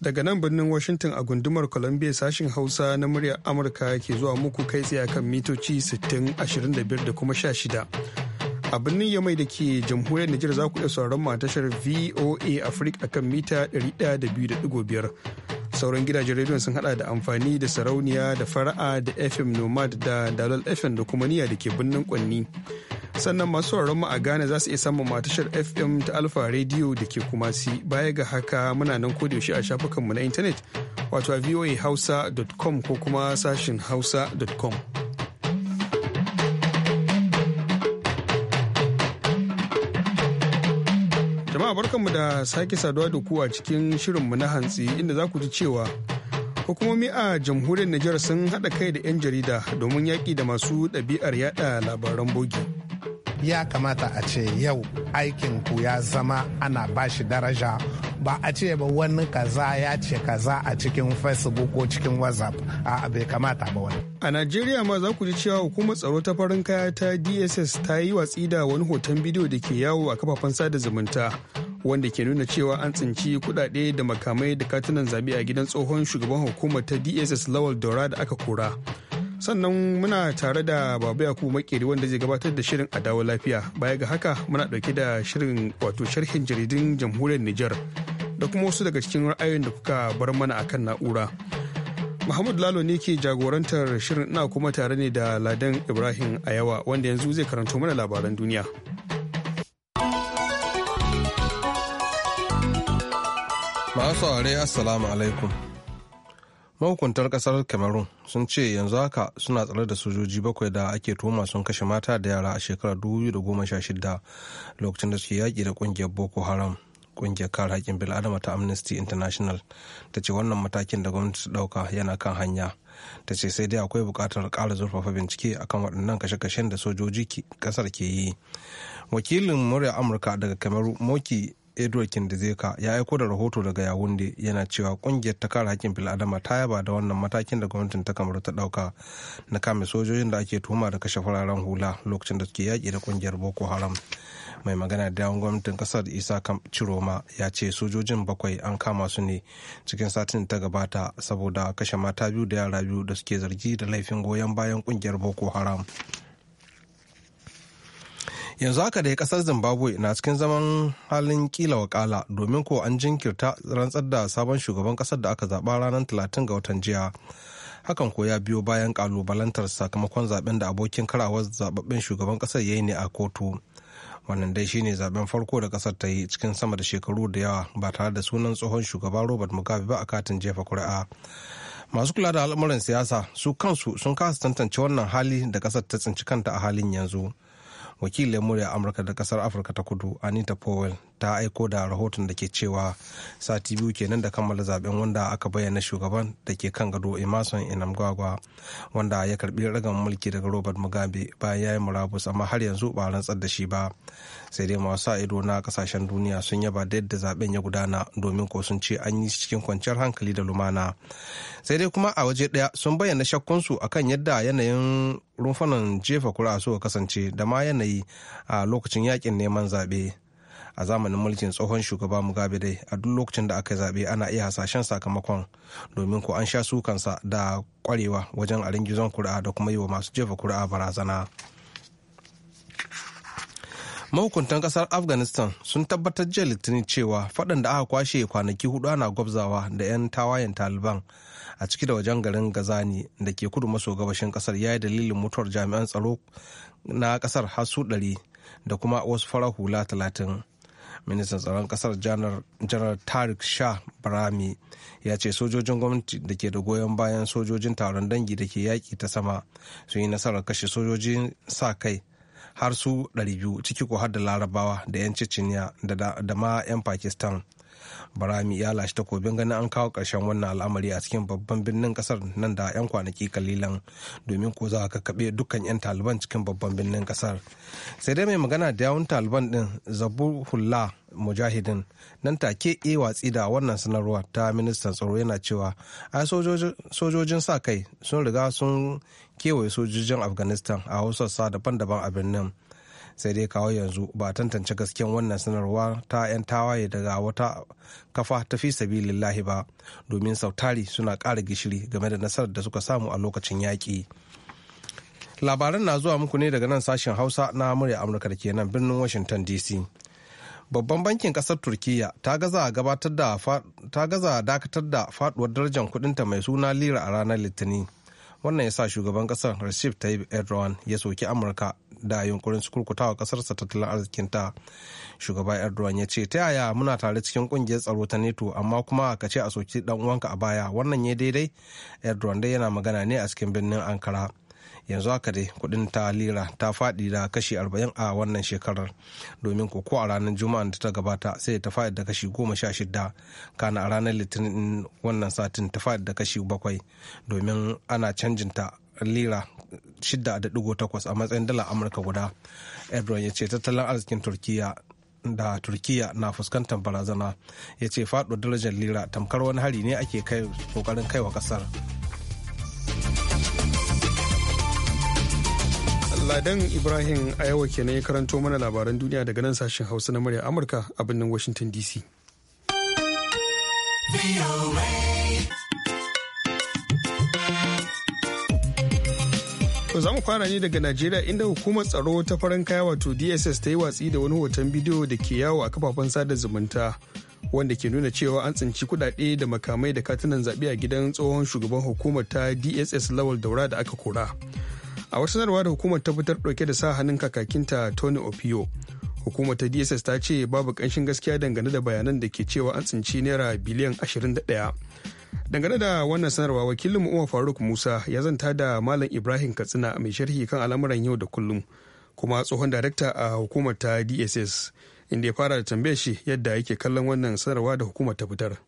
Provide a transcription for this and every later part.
daga nan birnin washington a gundumar columbia sashin hausa na muryar amurka ke zuwa muku kai tsaye kan mitoci 6025 da kuma 16 a birnin yamai da ke jamhuriyar nijar za ku iya sauran mu tashar voa africa akan mita 102.5 sauran gidajen rediyon sun hada da amfani da sarauniya da fara'a da fm nomad da dalal fm da kuma niya da ke birnin kwanni sannan masu mu a Ghana za su iya samun matashar FM ta Alfa Radio da ke kuma si baya ga haka muna nan yaushe a shafukanmu na intanet wato a voahausa.com ko kuma sashin hausa.com. jama'a barkanmu da sake saduwa da ku a cikin shirinmu na hantsi inda za ku ji cewa hukumomi a jamhuriyar Nijar sun haɗa kai da 'yan jarida domin yaƙi da masu ɗabi'ar yada labaran bogi. ya kamata a ce yau aikin ku ya zama ana bashi daraja ba a ce ba wani kaza ya ce kaza a cikin facebook ko cikin whatsapp a bai kamata ba wani a najeriya ma za ku ji cewa hukumar tsaro ta farin kaya ta dss ta yi watsi da wani hoton bidiyo da ke yawo a kafafen sada zumunta wanda ke nuna cewa an tsinci kudade da makamai da katunan zabe a gidan tsohon shugaban hukumar ta dss lawal dora da aka kora sannan muna tare da babu yaku makeri wanda zai gabatar da shirin a dawo lafiya baya ga haka muna dauke da shirin wato sharhin jaridun jamhuriyar niger da kuma wasu daga cikin ra'ayoyin da kuka bar mana akan na'ura muhammadu Lalo ne ke jagorantar shirin ina kuma tare ne da Ladan Ibrahim a yawa wanda yanzu zai karanto mana labaran duniya. Masu aure Assalamu alaikum. mahukuntar kasar cameroon sun ce yanzu haka suna tsare da sojoji bakwai da ake tuhuma sun kashe mata da yara a shekarar 2016 lokacin da suke yaƙi da ƙungiyar boko haram ƙungiyar kare haƙƙin bil'adama ta amnesty international ta ce wannan matakin da gwamnati su ɗauka yana kan hanya ta ce sai dai akwai buƙatar ƙara zurfafa bincike akan waɗannan kashe-kashen da sojoji ƙasar ke yi wakilin murya amurka daga cameroon moki edward kindizeka ya aiko da rahoto daga yawunde yana cewa kungiyar ta kare hakkin bil'adama ta yaba da wannan matakin da gwamnatin ta kamaru ta dauka na kame sojojin da ake tuhuma da kashe fararen hula lokacin da suke yaƙi da kungiyar boko haram mai magana da yawon gwamnatin kasar isa ciroma ya ce sojojin bakwai an kama su ne cikin satin ta gabata saboda kashe mata biyu da yara biyu da suke zargi da laifin goyon bayan kungiyar boko haram yanzu haka dai kasar zimbabwe na cikin zaman halin kila wakala domin ko an jinkirta rantsar da sabon shugaban kasar da aka zaba ranar talatin ga watan jiya hakan ko ya biyo bayan kalubalantar sakamakon zaben da abokin karawar zababben shugaban kasar ya yi ne a kotu wannan dai shine zaben farko da kasar ta yi cikin sama da shekaru da yawa ba tare da sunan tsohon shugaban robert mugabe ba a katin jefa kuri'a masu kula da al'amuran siyasa su kansu sun kasa tantance wannan hali da kasar ta tsinci kanta a halin yanzu. wakilin murya amurka da kasar afirka ta kudu anita powell ta aiko da rahoton da ke cewa sati biyu kenan da kammala zaben wanda aka bayyana shugaban da ke kan gado emerson inamgwagwa wanda ya karbi ragan mulki daga robert mugabe bayan ya yi murabus amma har yanzu ba rantsar da shi ba sai dai masu sa ido na kasashen duniya sun yaba da yadda zaben ya gudana domin ko sun ce an yi cikin kwanciyar hankali da lumana sai dai kuma a waje daya sun bayyana shakkunsu kan yadda yanayin rumfunan jefa kura suka kasance da ma yanayi a lokacin yakin neman zaɓe. a zamanin mulkin tsohon shugaba mugabe dai a duk lokacin da aka zaɓe ana iya hasashen sakamakon domin ko an sha sukansa da kwarewa wajen a ringizon kuri'a da kuma yi wa masu jefa kuri'a barazana mahukuntan kasar afghanistan sun tabbatar jiya litinin cewa faɗan da aka kwashe kwanaki hudu ana gwabzawa da 'yan tawayen taliban a ciki da wajen garin gazani da ke kudu maso gabashin kasar ya yi dalilin mutuwar jami'an tsaro na kasar har su ɗari da kuma wasu farar hula talatin ministan tsaron kasar janar tarik shah barami ya ce sojojin gwamnati da ke da goyon bayan sojojin taron dangi da ke yaƙi ta sama sun yi nasarar kashe sojojin sa kai har su 200 ciki ko har da larabawa da 'yan ciciniya da ma 'yan pakistan barami ya lashe takobin ganin an kawo ƙarshen wannan al'amari a cikin babban birnin kasar nan da 'yan kwanaki kalilan domin ko za ka kabe dukkan 'yan taliban cikin babban birnin kasar sai dai mai magana da yawun taliban din zabuhullah mujahidin nan take e watsi da wannan sanarwa ta ministan tsaro yana cewa ai sojojin sa kai sun riga sun kewaye sojojin afghanistan a hausarsa daban-daban a birnin sai dai kawo yanzu ba tantance gaskiyan wannan sanarwa ta 'yan tawaye daga wata kafa ta fi sabilillahi ba domin sautari suna ƙara gishiri game da nasarar da suka samu a lokacin yaƙi labaran na zuwa muku ne daga nan sashen hausa na murya amurka da ke nan birnin washington dc babban bankin kasar turkiya ta gaza a ta gaza dakatar da faduwar darajar kudinta mai suna lira a ranar litinin wannan ya sa shugaban kasar recep tayyip erdogan ya soki amurka da yunkurin su kurkutawa kasarsa tattalin arzikinta shugaba erdogan ya ce ta yaya muna tare cikin kungiyar tsaro ta neto amma kuma ka ce a soki dan uwanka a baya wannan ya daidai erdogan dai yana magana ne a cikin birnin ankara yanzu haka dai kudin ta lira ta faɗi da kashi 40 a wannan shekarar domin koko a ranar juma'a da ta gabata sai ta faɗi da kashi 16 kana a ranar litinin wannan satin ta faɗi da kashi 7 domin ana canjinta lira 6.8 a matsayin dala amurka guda erdogan ya ce tattalin arzikin turkiya da turkiya na fuskantar barazana ya ce faɗo darajar lira tamkar wani hari ne ake kai kokarin kaiwa kasar ladan ibrahim ayawa kenan ya karanto mana labaran duniya daga nan sashen hausa na murya amurka a birnin washington dc To za fara ne daga Najeriya inda hukumar tsaro ta farin kaya wato DSS ta yi watsi da wani hoton bidiyo da ke yawo a kafafen sada zumunta wanda ke nuna cewa an tsinci kudade da makamai da katunan zaɓe a gidan tsohon shugaban hukumar ta DSS Lawal Daura da aka kora. A wasu sanarwa da hukumar ta fitar ɗauke da sa hannun kakakinta Tony Opio. Hukumar ta DSS ta ce babu ƙanshin gaskiya dangane da bayanan da ke cewa an tsinci naira biliyan 21. dangane da wannan sanarwa wakilin umar faruk musa ya zanta da malam ibrahim katsina mai sharhi kan al'amuran yau da kullum kuma tsohon darakta a hukumar ta dss inda ya fara da tambayar shi yadda yake kallon wannan sanarwa da hukumar ta fitar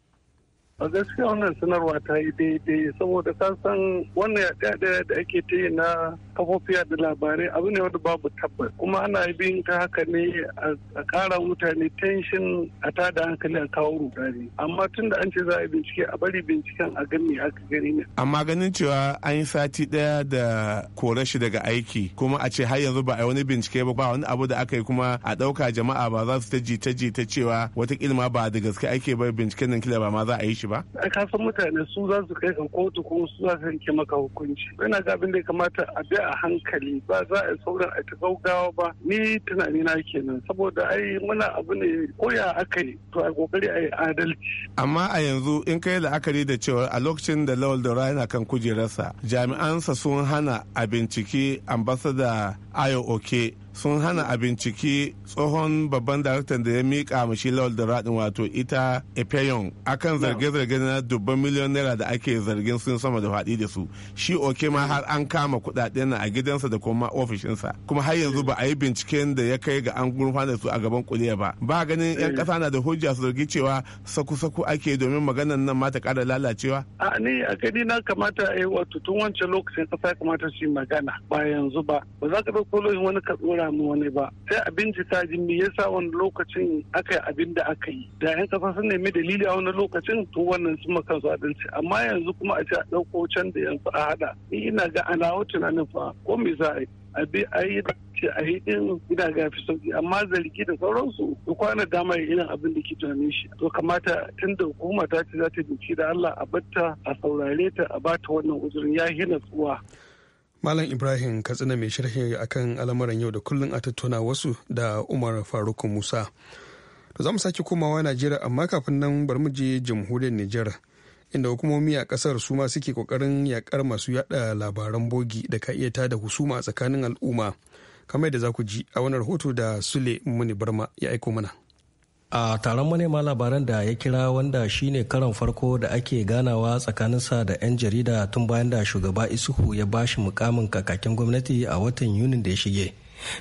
a gaskiya wannan sanarwa ta yi daidai saboda ka san wannan yaɗe da ake ta yi na kafofi da labarai abu ne wanda babu tabbas kuma ana bin ta haka ne a ƙara mutane tension a ta da hankali a kawo rudani amma tun da an ce za a yi bincike a bari binciken a gani aka gani ne. amma ganin cewa an yi sati ɗaya da kore shi daga aiki kuma a ce har yanzu ba a yi wani bincike ba ba wani abu da aka yi kuma a ɗauka jama'a ba za su ta jita jita cewa wata ma ba da gaske ake bai binciken nan kila ba ma za a yi shi ba? Ka san mutane su za su kai ka kotu kuma su za su yanke maka hukunci. Ina ga abin da ya kamata a bi a hankali ba za a sauran a ta gaugawa ba. Ni tunani na kenan saboda ai muna abu ne koya aka yi to a kokari a yi adalci. Amma a yanzu in kai la'akari da cewa a lokacin da Lawal Dora yana kan kujerarsa jami'ansa sun hana a bincike ambasada Ayo Oke sun hana a binciki tsohon babban daraktan da ya miƙa mashi lawal da radin wato ita epeyon akan zarge-zarge na dubban miliyon naira da ake zargin sun sama da faɗi da su shi oke ma har an kama kuɗaɗen na a gidansa da kuma ofishinsa kuma har yanzu ba a yi binciken da ya kai ga an da su a gaban kuliya ba ba ganin yan eh. ƙasa na da hujja su zargi cewa saku-saku ake domin maganan nan ma ta ƙara lalacewa. a ne a gani na kamata a eh, yi wato tun wancan lokacin ƙasa kamata su yi magana ba yanzu ba ba za ka ɗauko wani katsura samu wani ba sai a bincika jin me yasa wani lokacin aka yi abin da aka yi da yan kasa sun nemi dalili a wani lokacin to wannan sun maka su adalci amma yanzu kuma a ce a ɗauko can da yanzu a haɗa ina ga alawo tunanin fa ko me za a yi a bi a yi ce a yi din ina ga fi sauki amma zargi da sauransu duk kwana dama ya irin abin da ke tunanin shi to kamata tun da hukuma ta ce za ta binci da Allah a batta a saurare ta a bata wannan uzurin ya hina tsuwa Malam Ibrahim Katsina mai sharhi akan al'amuran yau da kullum a tattauna wasu da Umar Faruk Musa. To za mu sake komawa Najeriya amma kafin nan bari mu je jamhuriyar Nijar inda hukumomi a kasar su ma suke kokarin yakar masu yada labaran bogi da ka iya tada husuma tsakanin al'umma. Kamar da za ku ji a wani rahoto da Sule Muni Barma ya aiko mana. a taron manema labaran da ya kira wanda shine karon farko da ake ganawa tsakaninsa da 'yan jarida tun bayan da shugaba isuhu ya bashi mukamin kakakin gwamnati a watan yunin da ya shige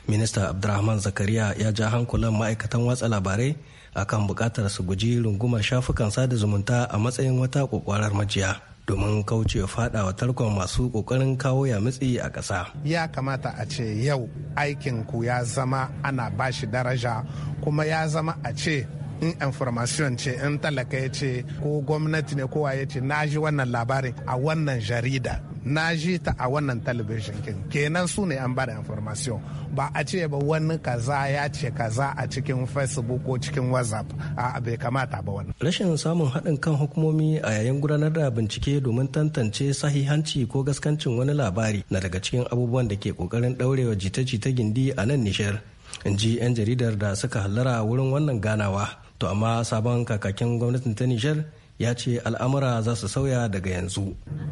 minista abdulrahman zakariya ya ja hankulan ma'aikatan watsa labarai akan bukatar su guji rungumar shafukan sada zumunta a matsayin wata kokwarar majiya domin kauce wa tarkon masu kokarin kawo ya matsi a ƙasa. Ya kamata a ce yau aikin ku ya zama ana bashi daraja kuma ya zama a ce in information ce in talaka ya ce ko gwamnati ne kowa ya ce na ji wannan labarin a wannan jarida na ji ta a wannan talabijin kin kenan su ne an bada information ba a ce ba wani kaza ya ce kaza a cikin facebook ko cikin whatsapp a bai kamata ba wannan rashin samun haɗin kan hukumomi a yayin gudanar da bincike domin tantance sahihanci ko gaskancin wani labari na daga cikin abubuwan da ke kokarin ɗaurewa jita-jita gindi a nan nishar in ji 'yan jaridar da suka hallara wurin wannan ganawa to amma sabon kakakin gwamnatin ta nishar ya ce al'amura za su sauya daga yanzu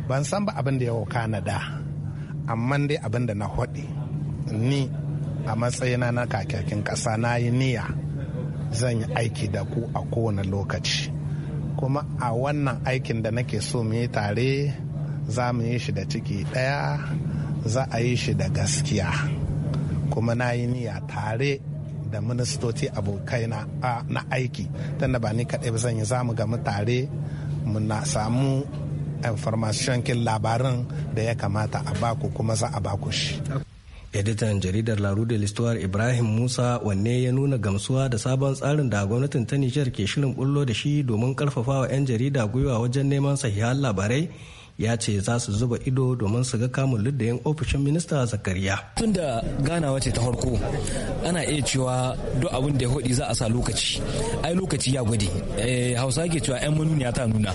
ban san ba abin da ya wakana da amma dai abin da na haɗe ni a matsayina na kakakin ƙasa na yi niyya zan yi aiki da ku a kowane lokaci kuma a wannan aikin da nake so mu yi tare za mu yi shi da ciki ɗaya za a yi shi da gaskiya kuma na yi niyya tare da ministoci abokai na aiki tunda ba ni kaɗai ba zan yi zamu gamu tare mu na samu information kin labarin da ya kamata a baku kuma za a baku shi. editan jaridar laru da listowar ibrahim musa wanne ya nuna gamsuwa da sabon tsarin da gwamnatin ta nijar ke shirin bullo da shi domin karfafawa 'yan jarida gwiwa wajen neman sahihan labarai ya ce za su zuba ido domin su ga kamun luddayin ofishin minista zakariya tun da ganawa ce ta farko ana iya cewa duk abin da ya hudi za a sa lokaci ai lokaci ya gwade eh, hausa ke cewa yan manuniya ta nuna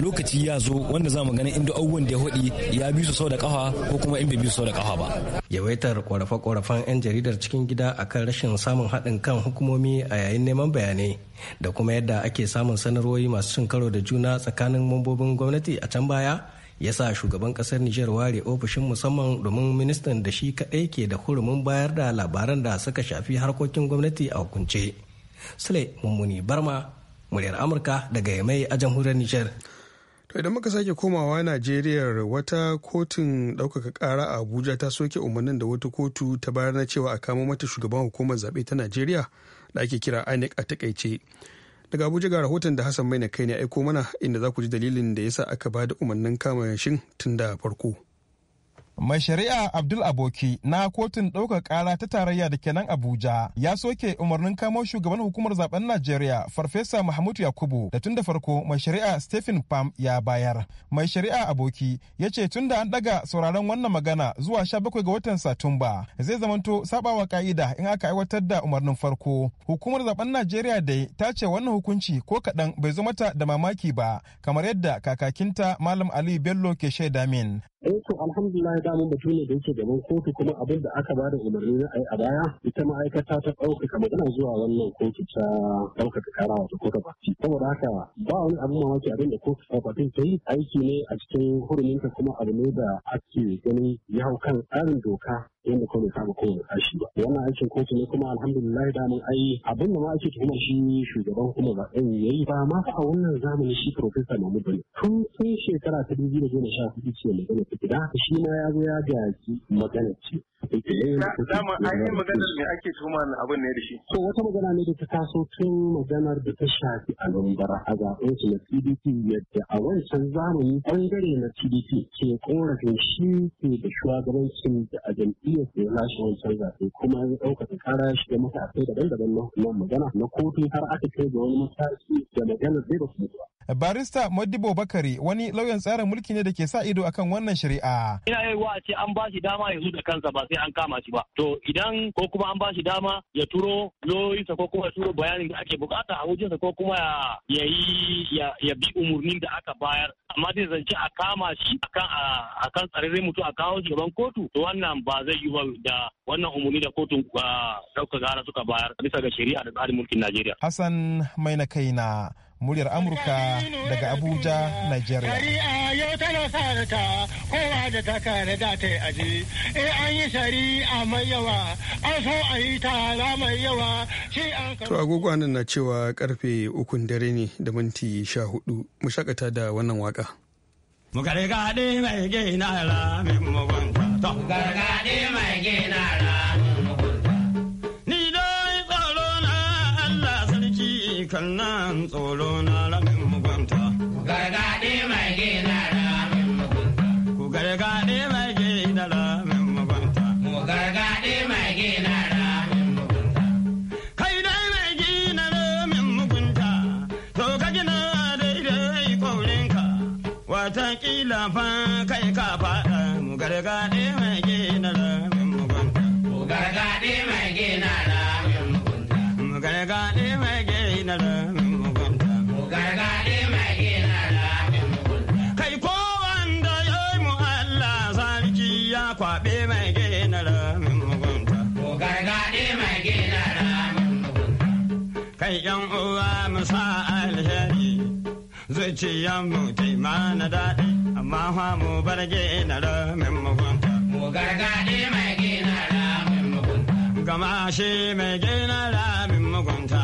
lokaci ya zo wanda za mu ganin inda abubuwan da ya hudi ya bi su sau da kafa ko kuma in bai bi su sau da kafa ba yawaitar korafe-korafen 'yan jaridar cikin gida akan rashin samun haɗin kan hukumomi a yayin neman bayanai da kuma yadda ake samun sanarwoyi masu cin karo da juna tsakanin mambobin gwamnati a can baya ya sa shugaban kasar Nijar ware ofishin musamman domin ministan da shi kaɗai ke da hurumin bayar da labaran da suka shafi harkokin gwamnati a hukunce. Sule Mummuni Barma, muryar Amurka daga Yamai a jamhuriyar Nijar. To idan muka sake komawa Najeriya wata kotun ɗaukaka ƙara a Abuja ta soke umarnin da wata kotu ta bayar na cewa a kama mata shugaban hukumar zaɓe ta Najeriya da ake kira INEC a takaice. Daga Abuja ga rahoton da Hassan mai na kai ne aiko mana inda za ku ji dalilin da yasa aka ba da umarnin kama yanshin tun da farko. Mai shari'a Abdul Aboki na kotun ɗaukar ƙara ta tarayya da kenan Abuja ya soke umarnin kamo shugaban hukumar zaben Najeriya Farfesa Mahmud Yakubu da tun da farko mai shari'a Stephen Pam ya bayar. Mai shari'a Aboki ya ce tun da an ɗaga sauraron wannan magana zuwa sha bakwai ga watan Satumba zai zamanto saɓawa ka'ida in aka aiwatar da umarnin farko. Hukumar zaben Najeriya dai ta ce wannan hukunci ko kaɗan bai zo mata da mamaki ba kamar yadda kakakinta Malam Aliyu Bello ke shaida min. eh to alhamdulillah da mun batu ne da yake gaban kotu kuma abin da aka bada umarni na ai a baya ita ma'aikata ta ɗaukaka tana zuwa wannan kotu ta ɗaukaka kara wato kotu baki saboda haka ba wani abin mamaki abin da kotu ta ta yi aiki ne a cikin huruminta kuma abu ne da ake ganin ya hau kan tsarin doka yadda kuma kama kowane sashi ba wannan aikin kotu ne kuma alhamdulillah da mun ai abin da ma ake tuhumar shi shugaban hukumar zaben yayi ba ma a wannan zamani shi Profesa Mahmud Bello tun sun shekara ta da sha hudu ce magana ta gida shi ma ya zo ya gaji magana ce take eh, eh dama an yi maganar me ake tuma na abin ne da shi to wata magana ne da ta taso tun maganar da ta shafi a lambar a zaben su na PDP yadda a wancan zamani bangare na PDP ke korafin shi ke da shugabancin da a jam'iyyar da ya lashe wancan zaɓe kuma ya ɗaukaka kara shi da matakai daban-daban na magana na kotu har aka kai ga wani mataki da maganar zai ba su Barista Modibo Bakari wani lauyan tsarin mulki ne da ke sa ido akan wannan shari'a. Ina yi wa ce an ba shi dama ya zo da kansa ba sai an kama shi ba to idan ko kuma an ba shi dama ya turo loyinsa ko kuma ya turo bayanin da ake bukata a wajensa ko kuma ya yi ya bi umurnin da aka bayar amma zai zance a kama shi akan akan tsararren mutu a kawo shi gaban kotu to wannan ba zai yi ba da wannan umurni da kotun ah, ɗaukar gara suka bayar bisa ga shari'a da tsarin mulkin Najeriya. Hassan mai na kaina muryar amurka daga abuja nigeria to agogo nan na cewa karfe ukun dare ne da minti sha hudu mu shakata da wannan waka mu Mugargaɗe mai gina ra mai to Mugargaɗe mai gina ra kan tsoro na rabin mugunta. Ku gargaɗe mai gina rabin mugunta. Ku gargaɗe mai gina rabin mugunta. gargaɗe mai gina mugunta. Kai dai mai gina rabin mugunta, to ka gina daidai kwaurinka, watakila fa kai ka faɗa mu gargaɗe mai gina ramin mugunta. Mu gargaɗe mai gina ramin mugunta. Mu gargaɗe gina mugunta. mai mugunta. Kai ko wanda ya yi mu Allah sarki ya kwaɓe mai gina mugunta. mai mugunta. Kai ƴan uwa mu sa alheri zuciyar mu taima na daɗi amma fa mu bar mugunta. mai gina mugunta. Gama shi mai mugunta.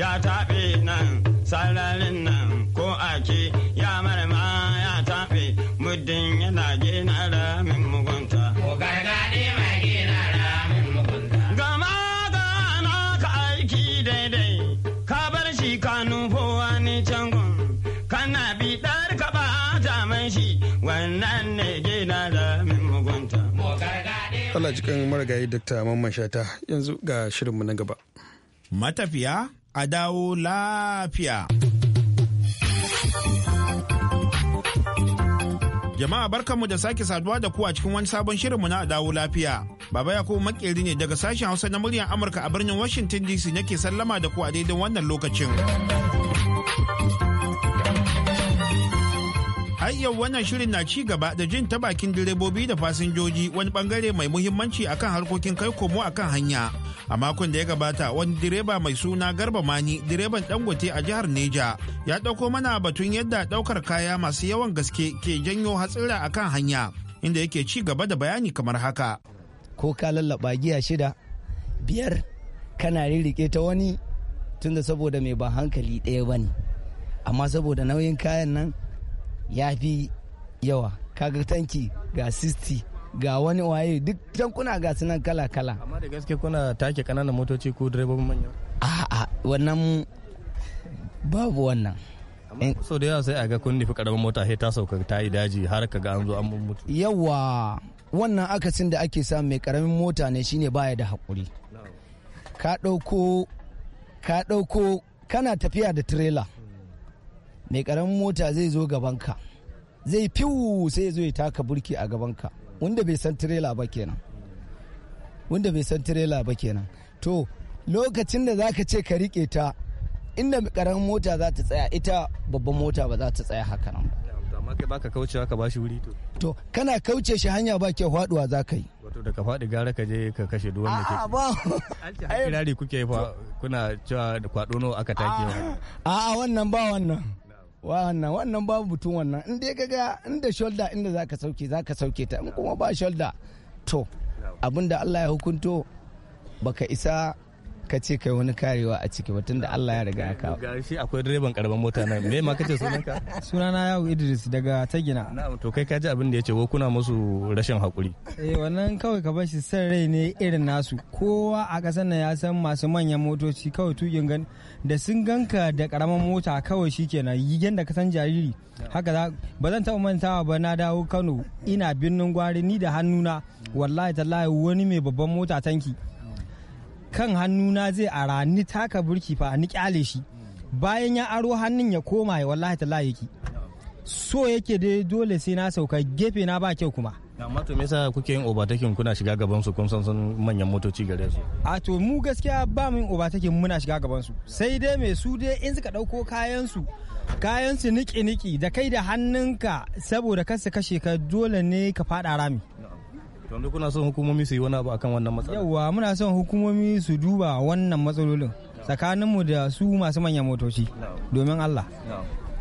ya taɓe nan sararin nan ko ake ya marama ya taɓe muddin yana gina ramin mugunta. Ko gargaɗe mai gina ramin mugunta. Gama gana ka aiki daidai ka bar shi ka nufo wani cangon kana biɗar ka ba jaman shi wannan ne gina ramin mugunta. Allah jikan marigayi Dr. Mamman Shata yanzu ga shirinmu na gaba. Matafiya? a dawo lafiya. Jama'a barkanmu da sake saduwa da ku a cikin wani sabon shirinmu na dawo lafiya. Baba Yakubu makeri ne daga sashen Hausa na muryar Amurka a birnin Washington DC nake sallama da ku a daidai wannan lokacin. har yau wannan shirin na ci gaba da jin ta bakin direbobi da fasinjoji wani bangare mai muhimmanci akan harkokin kai komo akan hanya a makon da ya gabata wani direba mai suna garba mani direban dangote a jihar neja ya dauko mana batun yadda daukar kaya masu yawan gaske ke janyo hatsira akan hanya inda yake ci gaba da bayani kamar haka ko ka lallaba giya shida biyar kana ririke ta wani tunda saboda mai ba hankali ɗaya bane amma saboda nauyin kayan nan ya fi yawa kaga tanki ga 60 ga wani waye duk tankuna ga su nan kala-kala amma da gaske kuna take kananan motoci ko direbobin manya a'a wannan babu wannan eh. so da yawa sai a ga kun nufi karamin mota sai ta sauka ta yi daji har ka ga an zo an mutu yawa wannan akasin da ake samu mai karamin mota ne shine baya da hakuri ka dauko ka dauko kana tafiya da trailer mai karamin mota zai zo gabanka zai fiwu sai ya zo ya taka burki a gabanka wanda bai san tirela ba kenan wanda bai san tirela ba kenan to lokacin da zaka ce ka rike ta inda karamin mota za ta tsaya ita babban mota ba za ta tsaya haka nan amma kai baka kauce ka bashi wuri to to kana kauce shi hanya ba ke faduwa za ka yi wato da ka faɗi gara ka je ka kashe duwan da ke a ba kirari kuke fa kuna cewa da kwado aka take a a wannan ba wannan wannan wannan babu butun wannan in dai gaga inda shoulder inda zaka sauke zaka sauke ta in kuma ba shoulder to abinda Allah ya hukunto baka isa ka ce kai wani karewa a ciki batun da Allah ya riga ka gashi akwai direban karaman mota nan me ma kace sunanka sunana yawo Idris daga Tagina na'am to kai ka ji abin da yace ko kuna musu rashin hakuri eh wannan kawai ka bashi san rai ne irin nasu kowa a kasar nan ya san masu manyan motoci kawai tukin gan da sun ganka da karaman mota kawai shikenan da ka san jariri haka za ba zan taɓa mantawa ba na dawo Kano ina binnin gwari ni da hannuna wallahi tallahi wani mai babban mota tanki kan hannuna zai ara ni taka burki fa ni kyale shi bayan ya aro hannun ya koma ya wallahi ta yake so yake dai dole sai na sauka gefe na ba kyau kuma amma to me yasa kuke yin obatakin kuna shiga gaban su kun san sun manyan motoci gare su a to mu gaskiya ba mu yin obatakin muna shiga gaban su sai dai me su dai in suka dauko kayan su kayan su niki niki da kai da hannunka saboda kasa kashe ka dole ne ka fada rami yanzu kuna son hukumomi su yi wani abu akan wannan matsalar. yawwa muna son hukumomi su duba wannan matsalolin tsakaninmu da su masu manyan motoci domin allah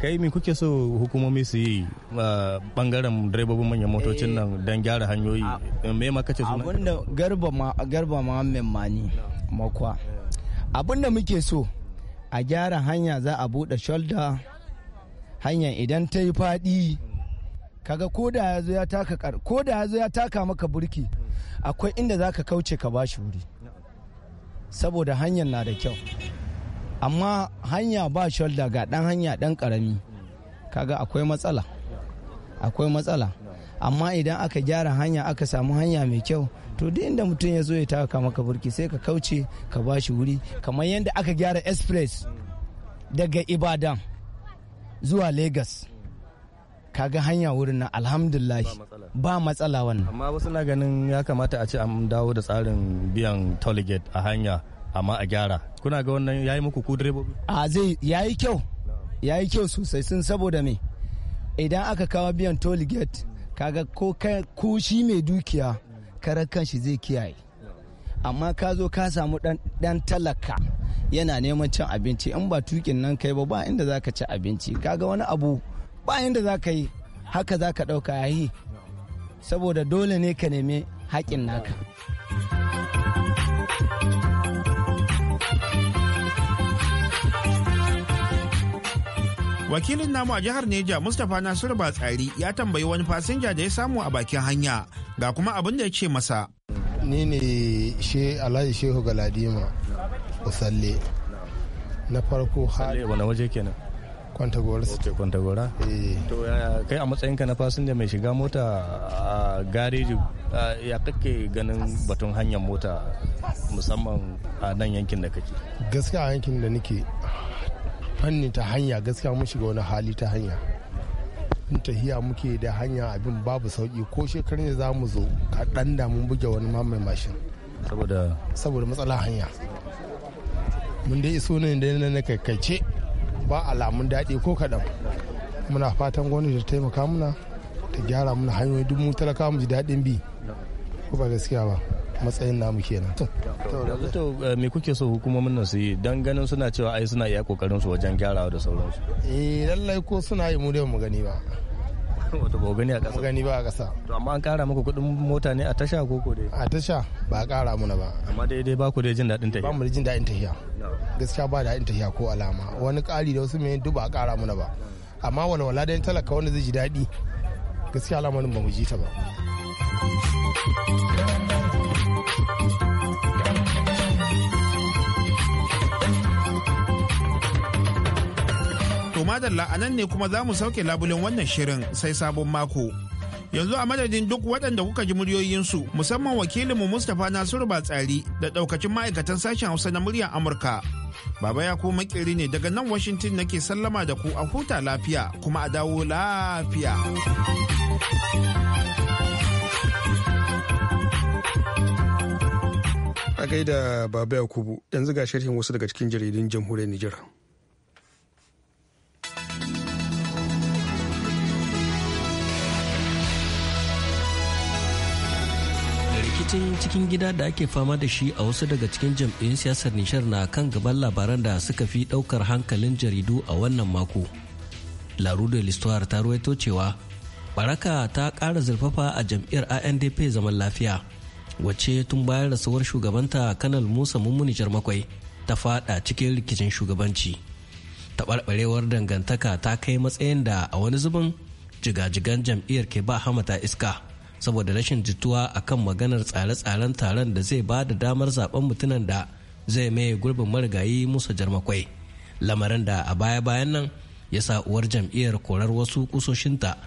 kai mi kuke so hukumomi su yi uh, bangaren direbobin manyan motocin nan eh. don gyara hanyoyi ah. eh, me maka ce suna abinda garba ma garba muhammed mani makwa abinda muke so a gyara hanya za a buɗe shoulder hanya idan ta yi faɗi. kaga ko da ya zo ya taka ko da ya zo ya taka maka burki akwai inda zaka kauce ka bashi wuri saboda hanyar na da kyau amma hanya ba shoulder ga dan hanya dan karami kaga akwai matsala akwai matsala amma idan aka gyara hanya aka samu hanya mai kyau to duk inda mutum ya zo ya taka maka burki sai ka kauce ka bashi wuri kamar yadda aka gyara express daga ibadan zuwa lagos kaga hanya wurin nan alhamdulillah ba matsala wannan amma wasu na ganin ya kamata a ce an dawo da tsarin biyan tollgate a hanya amma a gyara kuna ga wannan yayi muku ku direbobi a zai yayi kyau yayi kyau sosai sun saboda me idan aka kawo biyan tollgate kaga ko ko shi mai dukiya karar shi zai kiyaye amma ka zo ka samu dan talaka yana neman cin abinci in ba tukin nan kai ba ba inda zaka ci abinci kaga wani abu ba da za ka yi haka za ka ɗauka yi saboda dole ne ka nemi haƙin naka wakilin namu a jihar neja mustapha nasiru batsari ya tambayi wani fasinja da ya samu a bakin hanya ga kuma abin da ya ce masa ni ne she alhaji shehu galadima usalle na farko wani waje kenan kwanta ok kwantagora eh. to kai a matsayinka na fasinja mai shiga mota a gareji ya kake ganin batun hanyar mota musamman a nan yankin da kake gaskiya a yankin da nike fanni ta hanya gaskiya mun shiga wani hali ta hanya tahiya muke da hanya abin babu sauki ko shekarun da za mu zo kaɗan da mun buge wani mai mashin saboda matsala hanya mun dai iso ne da na kai ba alamun daɗi ko kaɗan muna fatan gwamnati ta taimaka muna ta gyara muna hanyoyi duk mu talaka mu ji daɗin bi ko ba gaskiya ba matsayin namu kenan. to eh, me kuke so hukumomin nan su yi don ganin suna cewa ai suna iya kokarin su wajen gyarawa da sauransu. eh lallai ko suna yi mu dai mu gani ba. wato ba gani a ƙasa gani ba a kasa to amma an ƙara muku kudin mota ne a tasha ko ko dai a tasha ba a ƙara muna ba amma daidai ba ku da jin daɗin tafiya ba mu da jin daɗin tafiya gaskiya ba daɗin tafiya ko alama wani ƙari da wasu mai ba a ƙara muna ba amma wala da talaka wanda zai ji daɗi gaskiya alamarin ba mu ji ta ba madalla a nan ne kuma za mu sauke labulen wannan shirin sai sabon mako. Yanzu a madadin duk waɗanda kuka ji muryoyinsu musamman wakilinmu Mustapha Nasiru Batsari da ɗaukacin ma'aikatan sashen Hausa na muryar Amurka. Baba ya kuma makiri ne daga nan Washington nake sallama da ku a huta lafiya kuma a dawo lafiya. A gaida Baba Yakubu yanzu ga sharhin wasu daga cikin jaridun jamhuriyar Nijar. rikicin cikin gida da ake fama da shi a wasu daga cikin jam'iyyun siyasar nishar na kan gaban labaran da suka fi daukar hankalin jaridu a wannan mako larudo listowar ta ruwaito cewa baraka ta kara zurfafa a jam'iyyar a.n.dp zaman lafiya wacce tun bayan rasuwar shugabanta kanal musa mummuni makwai ta fada cikin rikicin shugabanci taɓarɓarewar dangantaka ta kai matsayin da a wani zubin jigan jam'iyyar ke ba hamata iska saboda rashin jituwa kan maganar tsare-tsaren taron da zai ba da damar zaben mutumin da zai maye gurbin marigayi musa jarmakwai lamarin da a baya-bayan nan ya sa uwar jam'iyyar korar wasu kusoshinta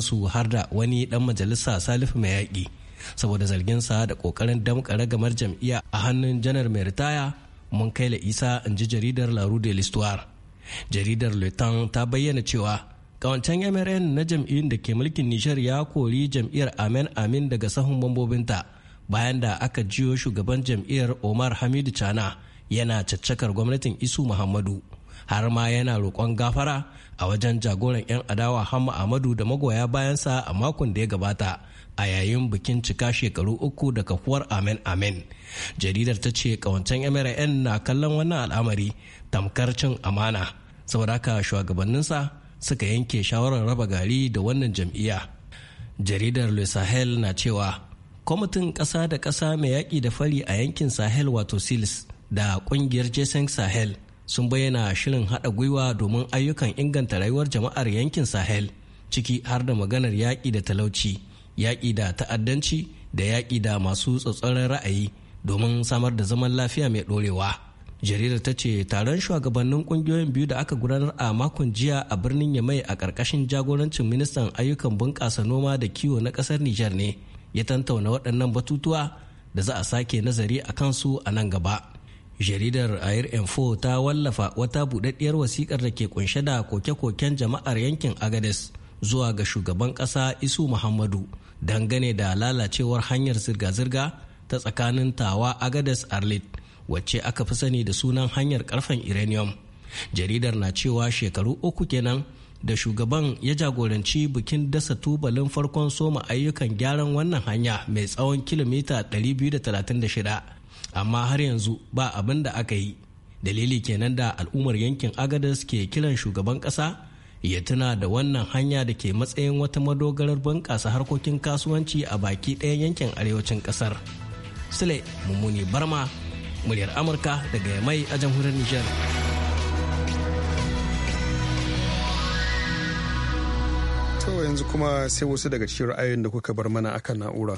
su har da wani dan majalisa salifu mai yaƙi saboda zarginsa da ƙoƙarin damƙare gamar jam'iyya a hannun janar mai ritaya mun kai la isa in ji jaridar larude jaridar letan ta bayyana cewa kawancen mrn na jam'iyyun da ke mulkin nishar ya kori jam'iyyar amen amin daga sahun mambobinta bayan da aka jiyo shugaban jam'iyyar omar hamidu chana yana caccakar gwamnatin isu muhammadu har ma yana roƙon gafara a wajen jagoran 'yan adawa hamma amadu da magoya bayansa a makon da ya gabata a yayin bikin cika shekaru uku da kafuwar amen amen jaridar ta ce kawancen mrn na kallon wannan al'amari tamkar cin amana saboda haka shugabanninsa suka yanke shawarar raba gari da wannan jam'iyya jaridar le sahel na cewa kwamitin ƙasa da ƙasa mai yaƙi da fari a yankin sahel wato sils da ƙungiyar jason e sahel sun bayyana shirin haɗa gwiwa domin ayyukan inganta rayuwar jama'ar yankin sahel ciki har da maganar yaƙi da talauci yaƙi da ta'addanci da yaƙi da masu tsatsauran ra'ayi domin samar da zaman lafiya mai ɗorewa. jaridar ta ce taron shugabannin kungiyoyin biyu da aka gudanar a makon jiya a birnin yamai a ƙarƙashin jagorancin ministan ayyukan bunƙasa noma da kiwo na ƙasar nijar ne ya tantauna waɗannan batutuwa da za a sake nazari a kansu a nan gaba jaridar air info ta wallafa wata buɗaɗɗiyar wasikar da ke kunshe da koke-koken jama'ar yankin agades zuwa ga shugaban ƙasa isu muhammadu dangane da lalacewar hanyar zirga-zirga ta tsakanin tawa agades arlit wacce aka fi sani da sunan hanyar karfen uranium jaridar na cewa shekaru uku kenan da shugaban ya jagoranci bikin dasa tubalin farkon soma ayyukan gyaran wannan hanya mai tsawon kilomita 236 amma har yanzu ba abin da aka yi dalili kenan da al'ummar yankin agadas ke kiran shugaban ƙasa ya tuna da wannan hanya da ke matsayin wata madogarar bunƙasa harkokin kasuwanci a baki ɗayan yankin arewacin ƙasar. Sule Mummuni Barma muryar amurka daga yamai a jamhuriyar nijar to yanzu kuma sai wasu daga cikin ra'ayoyin da kuka bar mana akan na'ura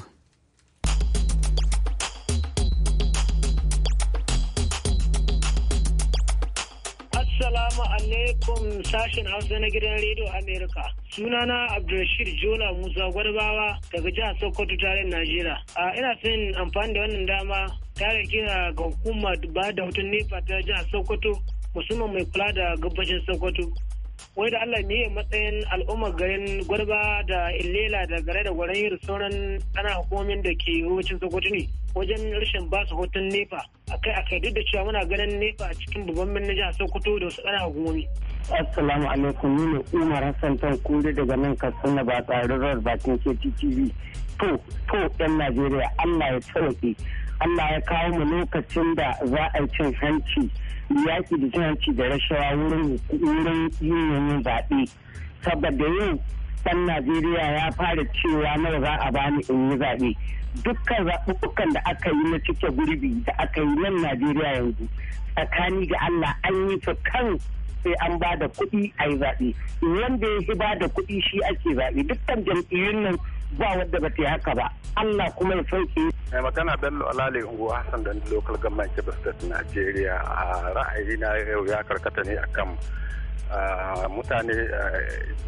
Assalamu alaikum sashen Hausa na gidan Radio Amerika. Sunana Abdulrashid jona Musa Gwarbawa daga jihar Sokoto tarihin Najeriya. ina son amfani da wannan dama kare kira ga hukuma ba da hutun nefa ta jihar sokoto musamman mai kula da gabashin sokoto wai da allah ne matsayin al'ummar garin gwarba da illela da gare da gwaran yin sauran ana hukumomin da ke yawancin sokoto ne wajen rashin ba su hutun nefa akai akai duk da cewa muna ganin nefa a cikin babban birnin jihar sokoto da wasu ana hukumomi assalamu alaikum ni ne umar hassan tan kuri daga nan katsina ba tsarin bakin ktv to to yan najeriya allah ya tsawaki Allah ya kawo mu lokacin da za a yi cin hanci yaƙi da cin hanci da rashawa wurin wurin yin zaɓe saboda yau ɗan Najeriya ya fara cewa nawa za a bani in yi zaɓe dukkan zaɓuɓɓukan da aka yi na cike gurbi da aka yi nan Najeriya yanzu tsakani ga Allah an yi su kan sai an ba da kuɗi a yi zaɓe wanda ya ba da kuɗi shi ake zaɓe dukkan jam'iyyun nan ba wanda ba ta yi haka ba Allah kuma ya sauke. mai magana bello alale ungo hassan da local government kebbi state nigeria a ra'ayi na yau ya karkata ne akan mutane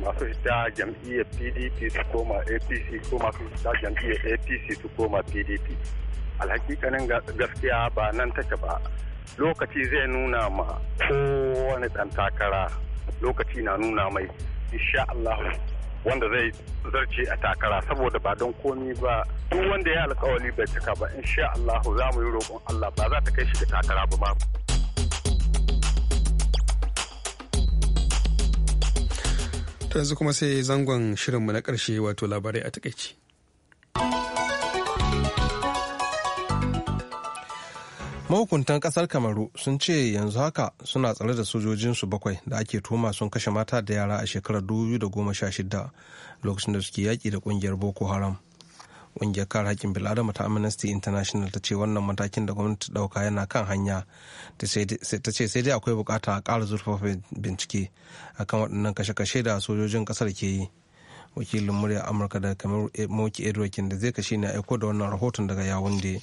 masu ita jam'iyyar pdp su koma apc ko masu ita jam'iyyar apc su koma pdp alhakikanin gaskiya ba nan take ba lokaci zai nuna ma kowane dan takara lokaci na nuna mai insha Allah wanda zai zarce a takara saboda ba don komi ba duk wanda ya alkawali bai cika ba insha Allah za mu yi roƙon Allah ba za ta kai shi da takara ba ma. yanzu kuma sai zangon shirin mu na ƙarshe wato labarai a takaici. mahukuntan kasar kamaru sun ce yanzu haka suna tsare da sojojinsu bakwai da ake tuma sun kashe mata da yara a shekarar 2016 lokacin da suke yaƙi da ƙungiyar boko haram ƙungiyar kare haƙƙin bil'adama ta amnesty international ta ce wannan matakin da gwamnati ɗauka yana kan hanya ta ce sai dai akwai bukata a ƙara zurfafa bincike akan waɗannan kashe-kashe da sojojin kasar ke yi wakilin murya amurka da kamar moki edward da zai kashe ne aiko da wannan rahoton daga yawunde.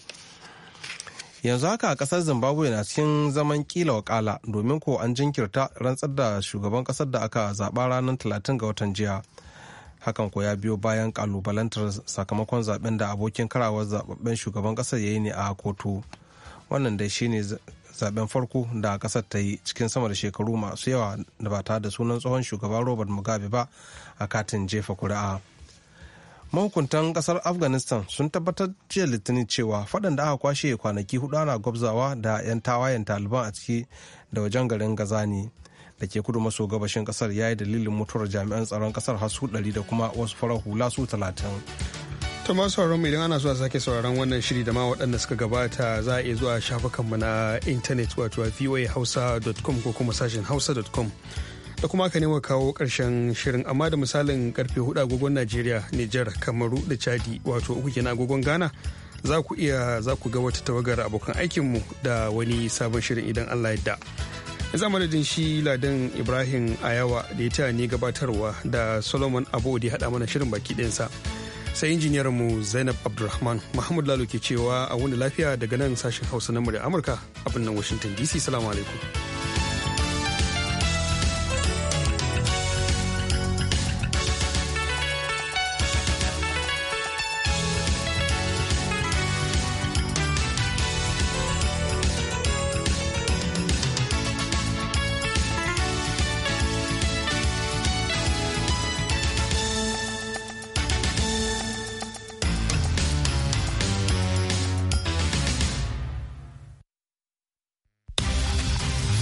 yanzu haka a kasar zimbabwe na cikin zaman kila wakala domin ko an jinkirta rantsar da shugaban kasar da aka zaɓa ranar talatin ga watan jiya hakan ko ya biyo bayan kalubalantar sakamakon zaɓen da abokin karawar zababben shugaban kasar ya yi ne a kotu wannan dai shine zaɓen farko da kasar ta yi cikin sama da shekaru masu yawa da ba ta da sunan tsohon shugaban robert mugabe ba a katin jefa kuri'a. mahukuntan kasar afghanistan sun tabbatar jiya litinin cewa faɗan da aka kwashe kwanaki hudu ana gwabzawa da 'yan tawayen taliban a ciki da wajen garin gazani da ke kudu maso gabashin kasar ya yi dalilin mutuwar jami'an tsaron kasar har su da kuma wasu farar hula su talatin. ta masu sauran mu idan ana zuwa sake sauraron wannan shiri da ma waɗanda suka gabata za a iya zuwa shafukanmu na intanet wato voahausa.com ko kuma sashen hausa.com da kuma aka nema kawo karshen shirin amma da misalin karfe hudu agogon najeriya niger kamaru da chadi wato uku kenan agogon ghana za ku iya za ku ga wata tawagar abokan aikinmu da wani sabon shirin idan allah yadda yanzu madadin shi ladan ibrahim ayawa da ya taya ni gabatarwa da solomon abu da haɗa mana shirin baki ɗinsa sai injiniyar mu zainab abdulrahman muhammad lalo ke cewa a wani lafiya daga nan sashen hausa na murya amurka abin nan washington dc salamu alaikum